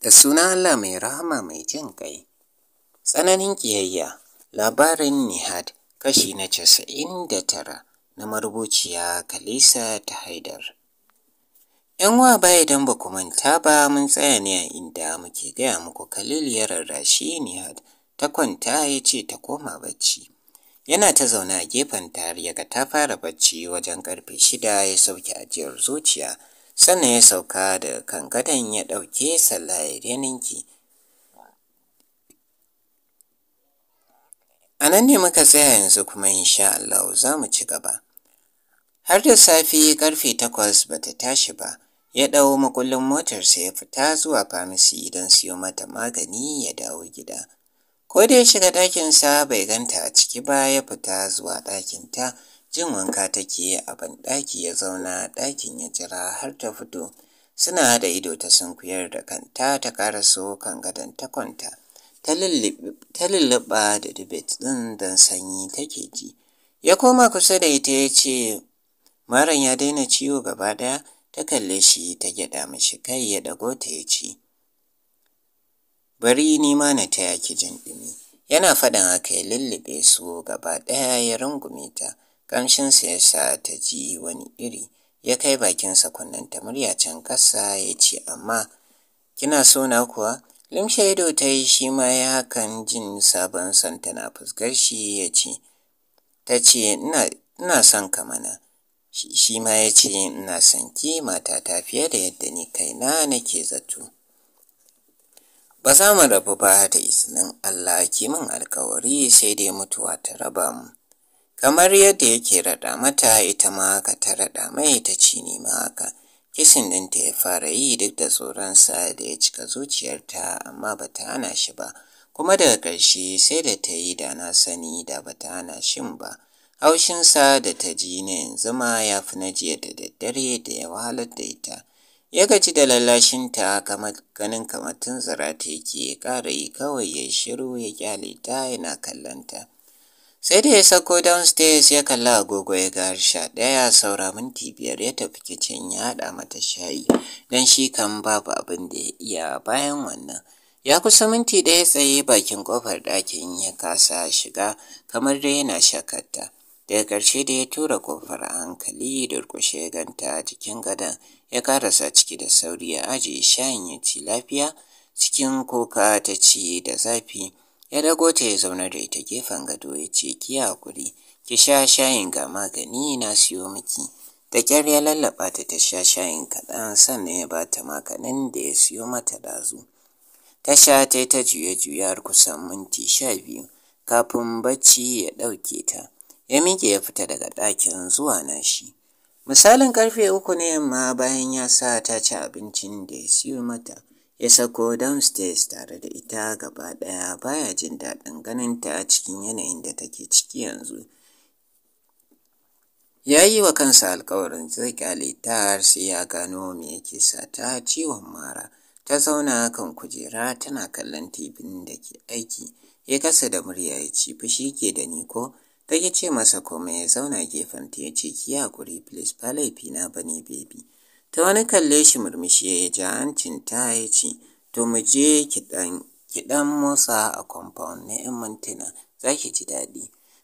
Da suna Allah mai rahama mai jin ƙai. Tsananin ƙiyayya labarin Nihad kashi na casa'in da tara na marubuciya Kalisa ta Haidar. ‘Yan wa baya idan ba ku manta ba mun tsaya ne a inda muke gaya muku Khalil ya rarrashi Nihad ta kwanta ya ce ta koma bacci. Yana ta zaune a gefen tariya ga ta fara bacci wajen karfe shida ya sauke ajiyar zuciya sannan ya sauka da kankadan ya ɗauke sallaye ya ninki a nan ne muka tsaya yanzu kuma insha Allah za mu ci gaba har da safi karfe takwas ba ta tashi ba ya ɗau makullin motarsa ya fita zuwa famisi don siyo mata magani ya dawo gida ko da ya shiga ɗakinsa bai ganta a ciki ba ya fita zuwa ɗakinta jin wanka take yi a banɗaki ya zauna ɗakin ya jira har ta fito suna da ido ta sunkuyar da kanta ta ƙara so kan gadon ta kwanta ta lulluɓa da dubet ɗin don sanyi take ji ya koma kusa da ita ya ce maran ya daina ciwo gaba ɗaya ta kalle shi ta gyaɗa mashi kai ya ɗago ta ya ci. bari ni ma na taya ki jin ɗumi yana faɗin haka ya lullube su gaba ɗaya ya rungume ta ƙamshin ya sa ta ji wani iri ya kai bakinsa ta murya can ƙasa ya ce amma kina so na kuwa limshe ido ta yi shi ma ya hakan jin sabon son tana fuskar shi ya ce ta ce ina son ka mana shi ma ya ce ina son ki matata fiye da yadda ni kaina nake zato ba za mu rabu ba da izinin Allah ki min alkawari sai dai mutuwa ta raba mu kamar yadda yake raɗa mata ita ma haka ta raɗa mai ta ci ni ma haka kisin dinta ya fara yi duk da tsoron sa da ya cika zuciyarta amma bata ta hana shi ba kuma daga ƙarshe sai da ta yi da na sani da bata ta hana shin ba haushin sa da ta ji na yanzu ma ya fi na jiya da daddare da ya wahalar da ita ya gaji da ta kamar ganin kamar tun zara ta yake ƙara yi kawai ya shiru ya kyale ta yana kallonta. sai da ya sako downstairs ya kalla agogo ya ga sha ɗaya saura minti biyar ya tafi kicin ya haɗa mata shayi don shi kan babu abin da ya iya bayan wannan ya kusa minti ɗaya tsaye bakin ƙofar ɗakin ya kasa shiga kamar dai yana shakarta daga ƙarshe da ya tura ƙofar a hankali durƙushe ganta cikin gadon ya karasa ciki da sauri ya ajiye shayin ya ci lafiya cikin kuka ta ci da zafi ya dago ta ya zauna da ita gefen gado ya ce ki hakuri ki sha shayin ga magani na siyo miki da kyar ya lallaɓa ta ta sha shayin kaɗan sannan ya ba ta maganin da ya siyo mata dazu ta sha ta ta juye-juye har kusan minti sha biyu kafin bacci ya ɗauke ta ya miƙe ya fita daga ɗakin zuwa nashi misalin ƙarfe uku ne yamma bayan ya sa ta ci abincin da ya siyo mata ya sako downstairs tare da ita gaba ɗaya baya jin daɗin ganin ta a cikin yanayin da take ciki yanzu ya yi wa kansa alkawarin zai kyale ta har sai ya gano me yake sa ta ciwon mara ta zauna kan kujera tana kallon tibin da ke aiki ya kasa da murya ya ci fushi ke da ni ko ta ce masa komai ya zauna gefen ta ya ce ki hakuri please ba laifi ba bane baby Ta wani kalle shi murmushi ya yi hancinta ya ce, To mu je ki dan motsa a compound na 'yan mintuna, za ki ji daɗi.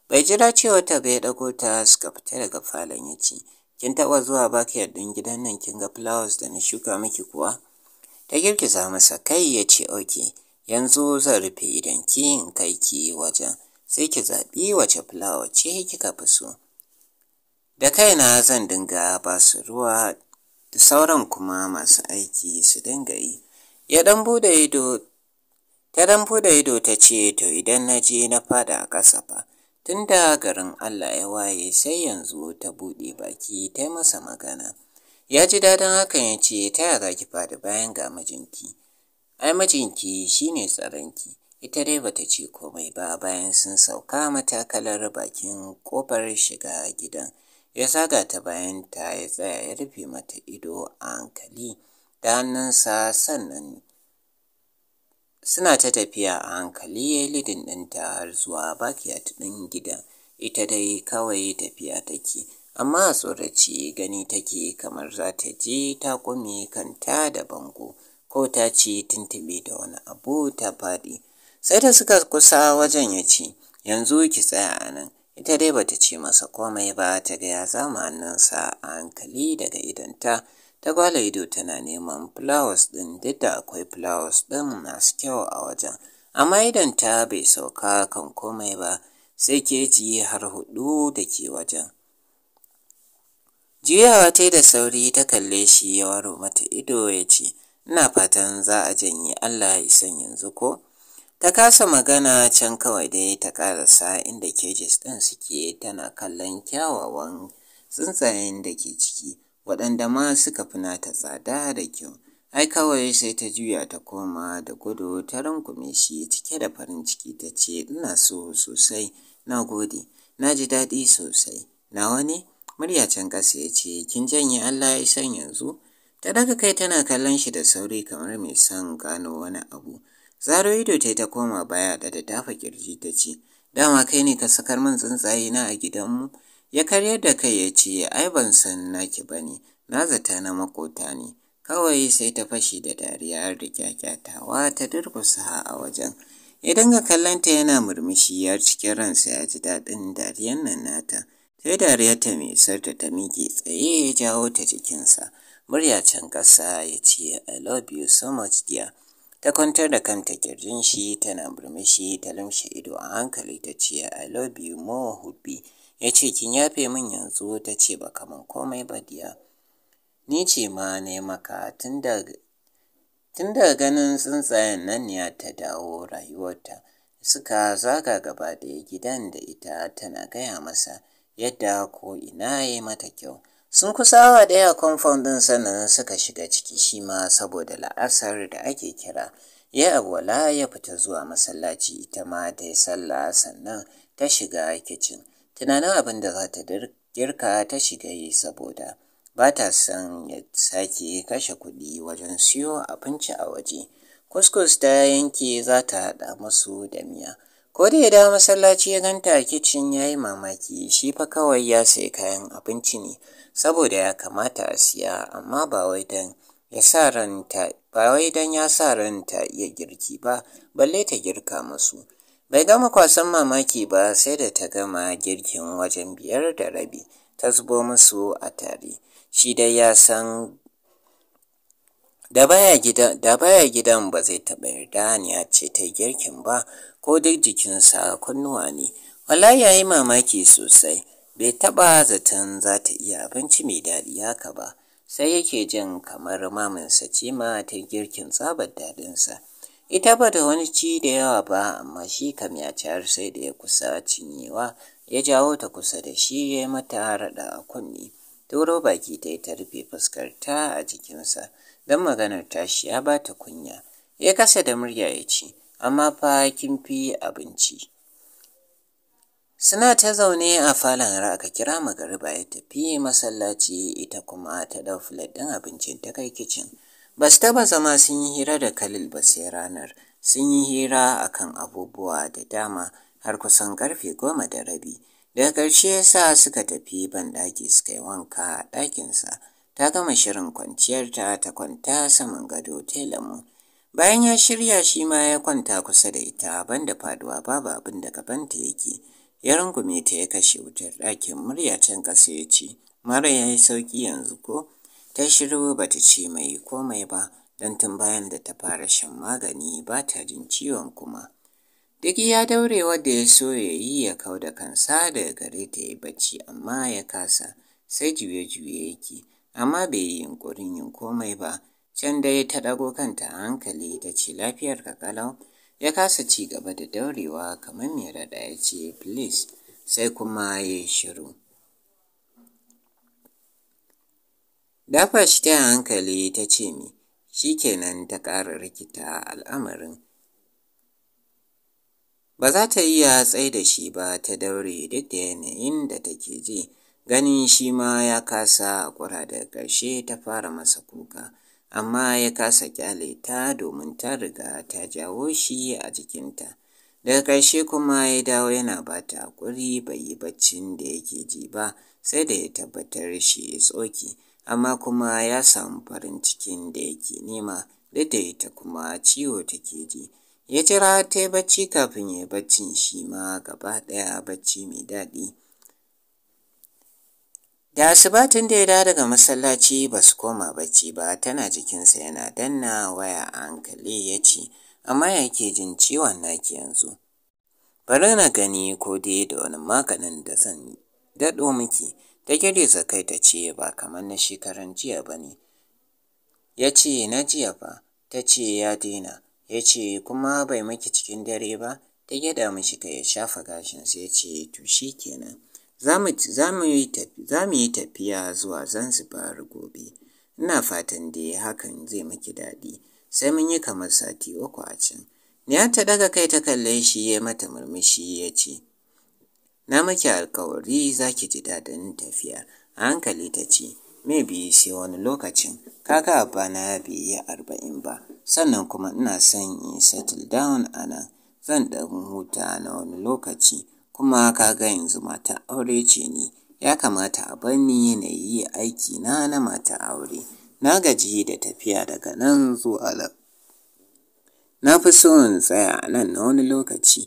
Bai jira cewa ta bai ɗago ta suka fita daga falon ya ce, Kin taɓa zuwa ba ki ɗin gidan nan kin ga flowers da na shuka miki kuwa? Ta girgiza masa kai ya ce, Oke, yanzu zan rufe idan ki in kai ki wajen, sai ki zaɓi wace flower ce kika fi so. Da kaina zan dinga ba su ruwa da sauran kuma masu aiki su dinga yi ya ɗan buɗe ido ta dan bude ido ta ce to idan na je na fada a ƙasa fa tun da garin allah ya waye sai yanzu ta buɗe baki ta masa magana ya ji dadin hakan ya ce ta yaya ki fada bayan ga mijinki ai mijinki shine tsaronki ita dai bata ce komai ba bayan sun sauka matakalar bakin ƙofar shiga gidan ya zaga ta bayanta ya tsaya ya rufe mata ido a hankali da hannunsa sannan suna ta tafiya a hankali ya yi lidin ɗinta har zuwa a ɗin gidan ita dai kawai tafiya take amma a tsorace gani take kamar za ta je ta ƙume kanta da bango ko ta ce tuntuɓe da wani abu ta faɗi sai da suka kusa wajen ya ce yanzu ki tsaya a nan ita dai bata ce masa komai ba ta ga ya zama hannunsa a hankali daga idanta ta gwala ido tana neman flowers ɗin duk da akwai flowers ɗin masu kyau a wajen amma idanta bai sauka kan komai ba sai keji har hudu da ke wajen juyawa ta da sauri ta kalle shi ya mata ido ya ce ina fatan za a janye allah isan yanzu ko ta kasa magana can kawai dai ta karasa inda cages ɗin suke tana kallon kyawawan tsuntsayen da ke ciki waɗanda ma suka fi nata tsada da kyau ai kawai sai ta juya ta koma da gudu ta rungume shi cike da farin ciki ta ce ina so sosai na gode na ji daɗi sosai nawa ne murya can ƙasa ya ce kin janye allah ya san yanzu ta daga kai tana kallon shi da sauri kamar mai son gano wani abu Zaro ido ta yi ta koma baya da da tafa kirji ta ce, Dama kai ne ka sakar min tsuntsaye na a gidanmu? Ya karyar da kai ya ce, Ai ban san naki ba ne, na zata na makota ne. Kawai sai ta fashi da dariya har da kyakkyatawa ta durkusa a wajen. Ya dinga kallonta yana murmushi ya cikin ransa ya ji daɗin dariyar nan nata. Sai dariyar ta mai sarta ta miƙe tsaye ya jawo ta jikinsa. Murya can ƙasa ya ce, I love you so much dear. Ta kwantar da kanta kirjin shi tana murmushi ta lumshe ido a hankali ta ce I love you more hubby. Ya ce kin yafe min yanzu ta ce ba kaman komai ba diya. Ni ce ma ne maka tun daga ganin tsuntsayen nan ya ta dawo rayuwarta. Suka zaga gaba ɗaya gidan da ita tana gaya masa yadda ko ina ya mata kyau. sun kusa awa ɗaya kwamfan ɗin sannan suka shiga ciki shi ma saboda la'asar da ake kira ya wala ya fita zuwa masallaci ita ma ta yi sallah sannan ta shiga kicin tunanin abin da za ta girka ta shiga yi saboda ba ta son ya sake kashe kuɗi wajen siyo abinci a waje kuskus ta yanke za ta haɗa musu da miya ko da ya masallaci ya ganta kicin ya yi mamaki shi fa kawai ya sayi kayan abinci ne saboda ya kamata a siya amma ba wai don ya sa ranta ba iya girki ba balle ta girka musu bai gama kwasan mamaki ba sai da ta gama girkin wajen biyar da rabi ta zubo musu a tare shi dai ya san da baya gidan ba zai taɓa yarda ni a ce ta girkin ba ko duk jikinsa kunnuwa ne wallahi ya yi mamaki sosai bai taɓa zaton za ta iya abinci mai daɗi haka ba sai yake jin kamar maminsa ce ma ta girkin tsabar daɗinsa ita ba da wani ci da yawa ba amma shi kam ya ci har sai da ya kusa cinyewa ya jawo ta kusa da shi ya yi mata raɗa a kunne. turo baki ta yi ta rufe fuskarta a jikinsa don maganar tashi ya ba ta kunya ya kasa da murya ya ci, amma fa kin fi abinci Suna ta zaune a falon raka kira magariba ya tafi masallaci ita kuma ta ɗau filet abincin ta kai kicin. Ba su taɓa zama sun yi hira da kalil ba sai ranar. Sun yi hira akan abubuwa da dama har kusan karfe goma da rabi. Daga ƙarshe ya sa suka tafi banɗaki suka yi wanka a ɗakinsa. Ta gama shirin kwanciyarta ta kwanta saman gado lamu. Bayan ya shirya shi ma ya kwanta kusa da ita banda faduwa babu abin da gabanta yake. ya rungume ta ya kashe wutar ɗakin murya can ƙasa ya ce mara ya yi sauƙi yanzu ko ta shiru ba ta ce mai komai ba don tun bayan da ta fara shan magani ba ta jin ciwon kuma duk ya daure wadda ya so ya yi ya kau da kansa daga gare ta ya bacci amma ya kasa sai juye-juye yake amma bai yi yunkurin yin komai ba can dai ta ɗago kanta a hankali ta ce lafiyar ka ya kasa ci gaba da daurewa kamar mai raɗa ya ce please sai kuma ya shiru dafa shi ta hankali ta ce ni shi kenan ta ƙara rikita al'amarin ba za ta iya tsaye da shi ba ta daure duk da yanayin da take ji ganin shi ma ya kasa kura da ƙarshe ta fara masa kuka amma ya kasa kyale ta domin ta riga ta jawo shi a jikinta. Daga ƙarshe kuma ya dawo yana ba ta haƙuri bai yi baccin da yake ji ba sai da ya tabbatar shi ya tsoki, amma kuma ya samu farin cikin da yake nema duk da ita kuma ciwo take ji. Ya jira ta yi bacci kafin ya yi baccin shi ma gaba ɗaya bacci mai daɗi. Da asibatin da ya da daga masallaci ba su koma bacci ba tana jikinsa yana danna waya a hankali ya ce, amma ya ke jin ciwon naki yanzu. Bari na gani ko dai da wani maganin da zan daɗo miki, ta girgiza kai ta ce ba kamar na shekaran jiya ba ne. Ya ce na jiya ba, ta ce ya daina, ya ce kuma bai maki cikin dare ba, ta gyada mishi ka ya shafa gashinsa ya ce to shi kenan. Za mu yi tafiya zuwa Zanzibar gobe, ina fatan da hakan zai maki daɗi, sai mun yi kamar sati uku a can. Nihat ta daga kai ta kalle shi ya mata murmushi ya ce, Na maki alkawari za ki ji daɗin tafiya. A hankali ta ce, biyu sai wani lokacin, kaga bana bai yi arba'in ba, sannan kuma ina son in settle down a nan, zan ɗan huta na wani lokaci. kuma kaga yanzu mata aure ce ni ya kamata a bar ni na yi aiki na na mata aure na gaji da tafiya daga nan zuwa nan na fi so in tsaya a nan na wani lokaci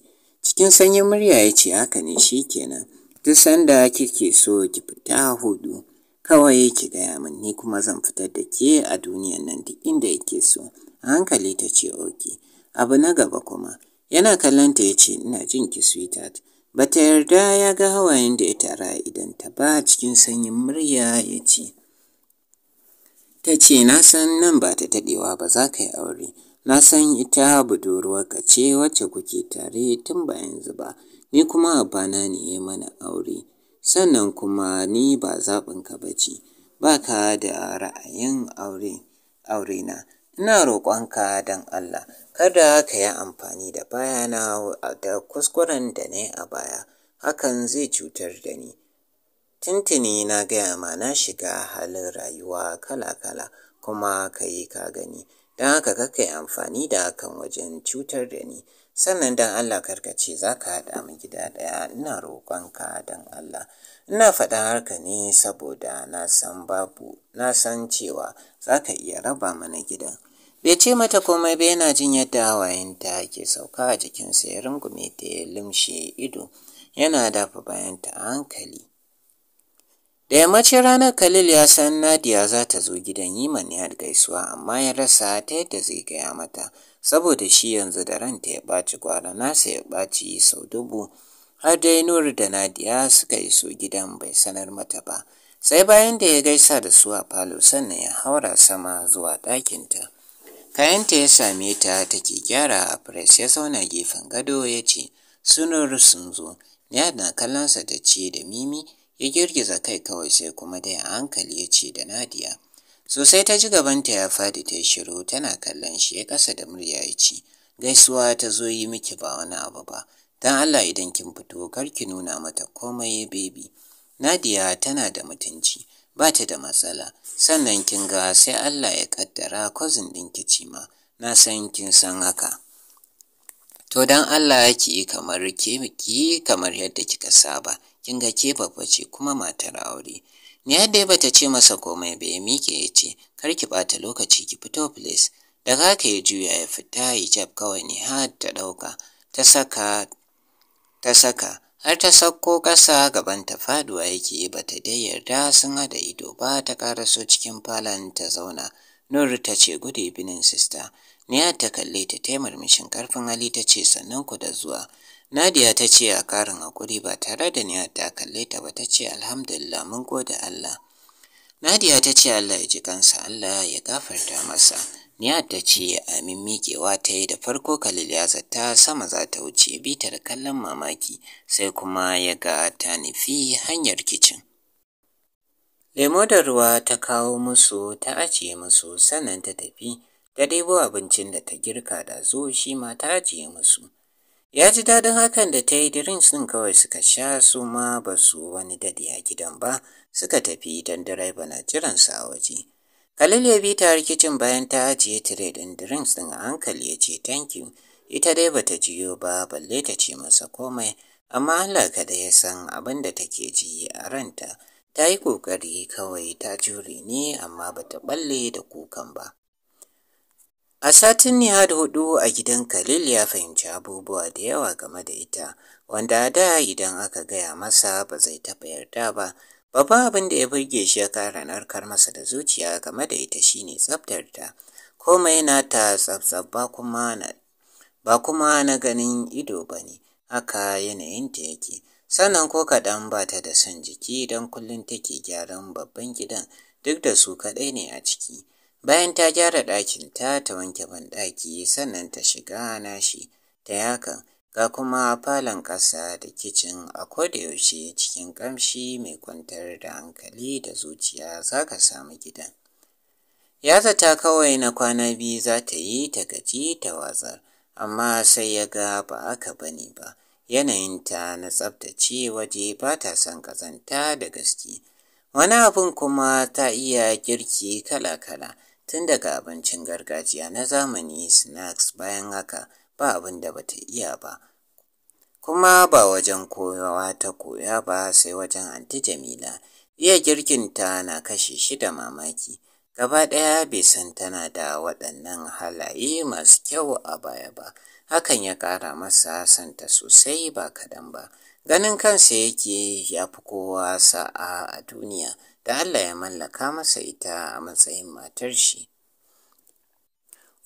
cikin sanyin murya ya ce haka ne shi kenan duk sanda kike so ki fita hudu kawai ki gaya min ni kuma zan fitar da ke a duniyan nan duk inda yake so a hankali ta ce oke abu na gaba kuma yana kallon ta ya ce ina jin ki sweetheart Ba ta yarda ya ga hawayen da ya tara idan ta ba cikin sanyin murya ya ce, Ta ce, Na san nan ba ta daɗewa ba za ka yi aure, na san ita budurwarka ce wacce kuke tare tun ba yanzu ba, ni kuma abana ne ya mana aure, sannan kuma ni ba zaɓinka ba ce, ba ka da ra'ayin aure, na ina roƙonka don Allah kada ka yi amfani da bayana da kuskuren da na a baya hakan zai cutar da ni tuntuni na gaya ma na shiga halin rayuwa kala-kala kuma ka yi ka gani don haka kaka yi amfani da hakan wajen cutar da ni sannan don Allah karkace za ka haɗa mu gida ɗaya ina roƙonka don Allah ina faɗa harka ne saboda na san babu na san cewa za ka iya raba mana gidan bai ce mata komai ba yana jin yadda hawayenta ke sauka a jikinsa ya rungume ta ya limshe ido yana dafa bayanta a hankali da yammacin ranar khalil ya san nadiya za ta zo gidan yiman ya gaisuwa amma ya rasa ta yadda zai gaya mata saboda shi yanzu da ranta ya ɓaci gwara nasa ya ɓaci sau dubu har dai nuru da nadiya suka iso gidan bai sanar mata ba sai bayan da ya gaisa da su a falo sannan ya haura sama zuwa ɗakinta Kayanta ya same ta take gyara a press ya zauna gefen gado ya ce, Sunar sun zo, ya na kallonsa da ce da Mimi ya girgiza kai kawai sai kuma dai a hankali ya ce da Nadiya. Sosai ta ji gabanta ya fadi ta shiru tana kallon shi ya kasa da murya ya ce, Gaisuwa ta zo yi miki ba wani abu ba, don Allah idan kin fito kar ki nuna mata komai bebi. Nadiya tana da mutunci. ba ta da matsala sannan kin ga sai Allah ya kaddara kwazin ɗinki kici ma na san kin san haka to dan Allah ki kamar ke ki kamar yadda kika saba kin ga ke babba ce kuma matar aure ni yadda bata ce masa komai ba ya mike ya ce kar ki bata lokaci ki fito please daga haka ya juya ya fita hijab kawai ne har ta ɗauka ta saka ta saka har ta sauko ƙasa gabanta faduwa yake ba ta dai yarda sun hada ido ba ta ƙaraso cikin falon ta zauna nur ta ce good sista. sister ta kalle ta taimar mishin karfin hali ta ce sannan ku da zuwa Nadiya ta ce a ƙarin hakuri ba tare da niyyar ta kalle ta ba ta ce alhamdulillah mun gode Allah. Nadiya ta ce Allah ya ji kansa Allah ya gafarta masa. Niyar ta ce a miƙewa ta yi da farko Khalil ta sama za ta wuce bitar kallon mamaki sai kuma ya ga ta nufi hanyar kicin. Lemo da ruwa ta kawo musu ta ajiye musu sannan ta tafi ta ɗebo abincin da ta girka da zo shi ma ta ajiye musu. Ya ji daɗin hakan da ta yi drinks ɗin kawai suka sha su ma ba su wani daɗi a gidan ba suka tafi don direba na su a waje. Khalil ya bi ta rikicin bayan ta ajiye tire ɗin drinks ɗin a hankali ya ce thank you. Ita dai bata jiyo ba balle ta ce masa komai, amma Allah kaɗai ya san abin da take ji a ranta. Ta yi ƙoƙari kawai ta jure ne amma bata balle da kukan ba. A satin Nihad hudu a gidan Kalil ya fahimci abubuwa da yawa game da ita, wanda da idan aka gaya masa ba zai taɓa yarda ba, Babban abin da ya burge shi ya ƙara narkar masa da zuciya game da ita shine tsabtar ta. Komai nata tsaftsaf ba kuma na ganin ido ba ne, haka yanayinta yake. Sannan ko kaɗan ba ta da son jiki don kullum take gyaran babban gidan duk da su kaɗai ne a ciki. Bayan ta gyara ɗakinta ta wanke banɗaki sannan ta shiga nashi ta yakan. ga kuma falon ƙasa da kicin a kodayaushe cikin ƙamshi mai kwantar da hankali da zuciya za ka samu gidan. Ya zata kawai na kwana biyu za ta yi ta gaji ta wazar, amma sai ya ga ba aka bane ba. Yanayinta na tsabtace waje ba ta son ƙazanta da gaske. Wani abin kuma ta iya girki kala-kala, tun daga abincin gargajiya na zamani snacks bayan haka ba abin da bata iya ba kuma ba wajen koyawa ta koya ba sai wajen anti jamila iya girkinta na kashe shi da mamaki gaba ɗaya bai san tana da waɗannan halaye masu kyau a baya ba hakan ya ƙara masa santa sosai ba kaɗan ba ganin kansa yake ya fi kowa sa'a a duniya da allah ya mallaka masa ita a matsayin matar shi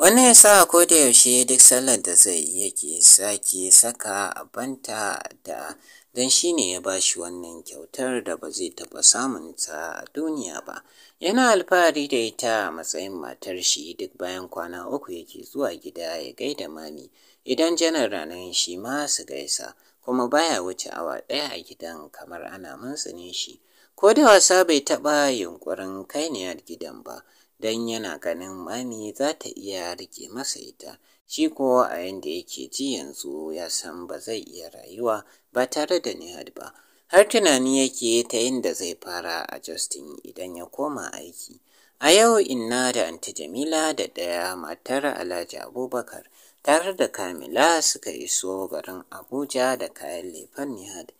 Wannan ya sa ko da yaushe duk sallar da zai yake sake saka banta da don shi ne ya ba shi wannan kyautar da ba zai taɓa samun ta a duniya ba. Yana alfahari da ita a matsayin matar shi duk bayan kwana uku yake zuwa gida ya gaida mami. Idan janar ranar shi ma su gaisa, kuma baya wuce awa ɗaya a gidan kamar ana ne shi. Ko da wasa bai taɓa yunƙurin kainiyar gidan ba. don yana ganin mami za ta iya rike masa ita shi ko a yanda yake ji yanzu ya san ba zai iya rayuwa ba tare da Nihad ba har tunani yake ta yadda zai fara a Justin idan ya koma aiki a yau inna da anti Jamila da ɗaya matar Alhaji Abubakar tare da Kamila suka iso garin Abuja da kayan lefen Nihad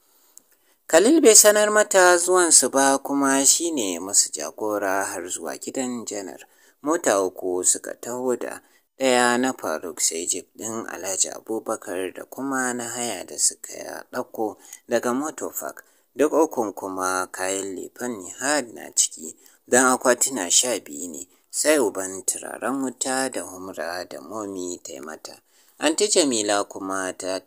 Khalil bai sanar mata zuwansu ba kuma shine ne masu jagora har zuwa gidan janar. Mota uku suka taho da ɗaya na Faruk sai jib ɗin Alhaji Abubakar da kuma na haya da suka ɗauko daga Motofak. Duk ukun kuma kayan lefan Nihad na ciki don akwatina sha biyu ne sai uban turaren wuta da humra da momi ta mata. Anti Jamila kuma ta,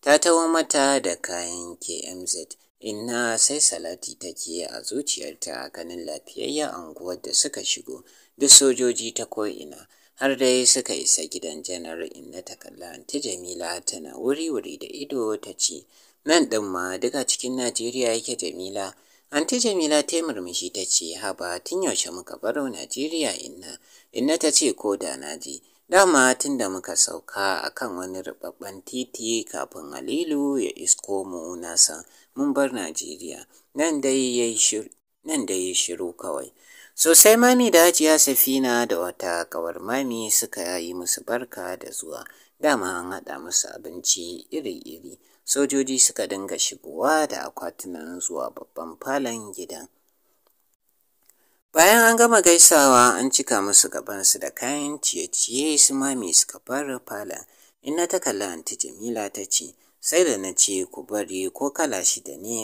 ta taho mata da kayan KMZ. Inna sai salati take a zuciyarta ganin lafiyayyen anguwar da suka shigo, duk sojoji ta ko'ina, har dai suka isa gidan janar Inna ta kalla ta Jamila tana wuri-wuri da ido ta ci, Nan din ma duka cikin Najeriya yake Jamila. Anti Jamila ta murmushi ta ce, Haba tun yaushe muka baro Najeriya Inna. Inna ta ce, Ko da na ji Dama tun da muka sauka a kan wani rubabban titi kafin Halilu ya isko mu na san mun bar Najeriya nan dai yayi shiru nan dai shiru kawai sosai mami da hajiya safina da wata kawar mami suka yi musu barka da zuwa dama an haɗa musu abinci iri-iri sojoji suka dinga shigowa da akwatunan zuwa babban falon gidan bayan an gama gaisawa an cika musu gabansu da kayan ciye-ciye su mami suka bar falon inna ta kalli anti jamila ta ce sai da na ce ku bari ko kala shi da ne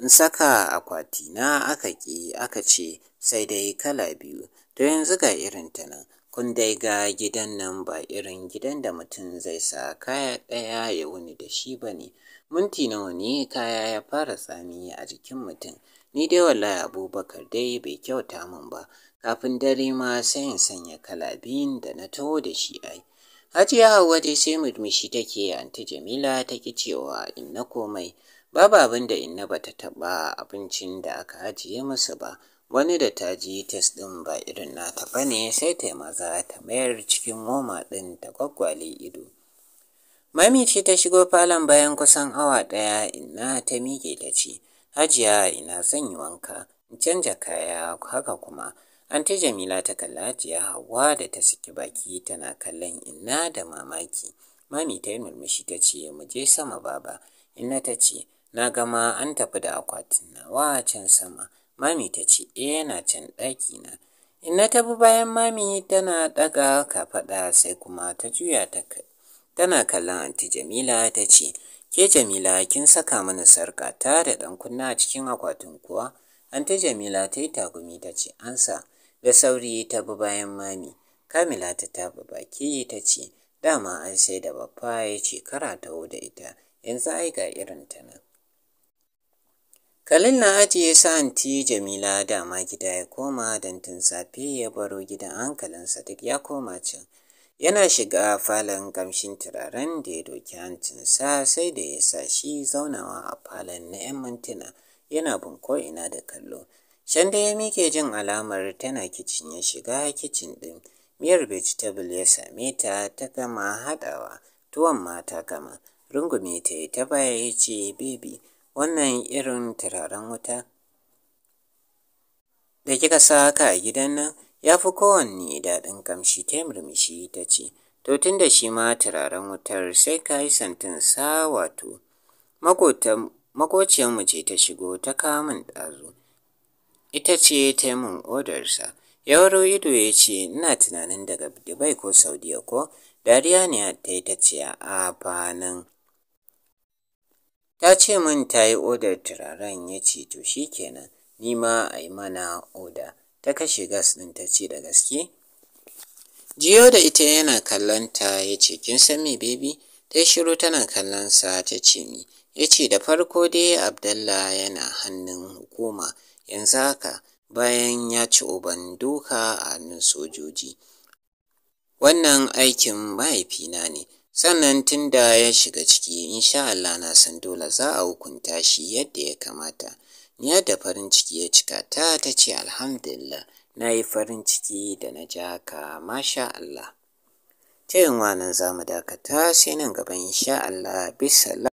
in saka akwatina aka ƙi aka ce sai dai kala biyu to yanzu ga irin ta nan kun dai ga gidan nan ba irin gidan da mutum zai sa kaya ɗaya ya wuni da shi ba ne minti nawa ne kaya ya fara tsami a jikin mutum ni dai wallahi abubakar dai bai kyauta min ba kafin dare ma sai in sanya kala biyun da na taho da shi ai Hajiya Hauwa dai sai murmushi take anti Jamila ta ki cewa inna komai babu abin da inna bata taɓa abincin da aka ajiye masa ba wani da ta ji test ɗin ba irin na ba ne sai ta maza ta mayar cikin moma ɗin ta gwaggwale ido. Mami ce ta shigo falon bayan kusan awa ɗaya inna ta mike ta ce, Hajiya ina zan yi wanka, in canja kaya haka kuma Anti Jamila ta kalla Hajiya Hauwa da ta saki baki tana kallon Inna da mamaki. Mami ta yi murmushi ta ce, mu je sama baba. Inna ta ce, na gama an tafi da akwatin nawa can sama. Mami ta ce, e yana can ɗaki na. Inna ta bi bayan mami tana ɗaga kafaɗa sai kuma ta juya ta Tana kallon Anti Jamila ta ce, ke Jamila kin saka mana sarƙa ta da ɗan kunna a cikin akwatin kuwa? Anti Jamila ta yi tagumi ta ce, ansa. da sauri ta bi bayan mami. Kamila ta tafi baki ta ce, dama an sai da babba ya ce kara taho da ita, yanzu ai ga irin ta nan. Kalin na ajiye anti Jamila dama gida ya koma don safe ya baro gidan hankalinsa duk ya koma can. Yana shiga falon kamshin turaren da ya doki hancinsa sai da ya sa shi zaunawa a falon na 'yan mintuna yana bin ko'ina da kallo. Can da ya miƙe jin alamar tana kicin ya shiga kicin ɗin. Miyar vegetable ya same ta ta gama haɗawa, tuwon mata ta gama. Rungume ta yi ta baya ya ce, Baby, wannan irin turaren wuta da kika sa haka a gidan nan ya fi kowanne daɗin kamshi ta murmushi ta ce, To tun da shi ma turaren wutar sai ka yi santin sa wato. Makociyanmu ce ta shigo ta kamun ɗazu. ita ce ta mun odarsa. Ya waro ido ya ce, ina tunanin daga Dubai ko Saudiya ko? Dariya ne ta yi ta ce, a fa Ta ce min ta yi odar turaren ya ce, to shi kenan, ni ma a yi mana oda. Ta kashe gas ɗin ta ce da gaske? Jiyo da ita yana kallon ta ya ce, kin san me bebi? Ta shiru tana kallon sa ta ce Ya ce, da farko dai Abdallah yana hannun hukuma. yanzu haka bayan ya ci uban doka a hannun sojoji. Wannan aikin mahaifina ne, sannan tun da ya shiga ciki insha Allah na san dole za a hukunta shi yadda ya kamata. Ni da farin ciki ya cika ta ta ce alhamdulillah na yi farin ciki da na ja ka, masha Allah. Ta yin nan za mu dakata sai nan gaba insha Allah bisa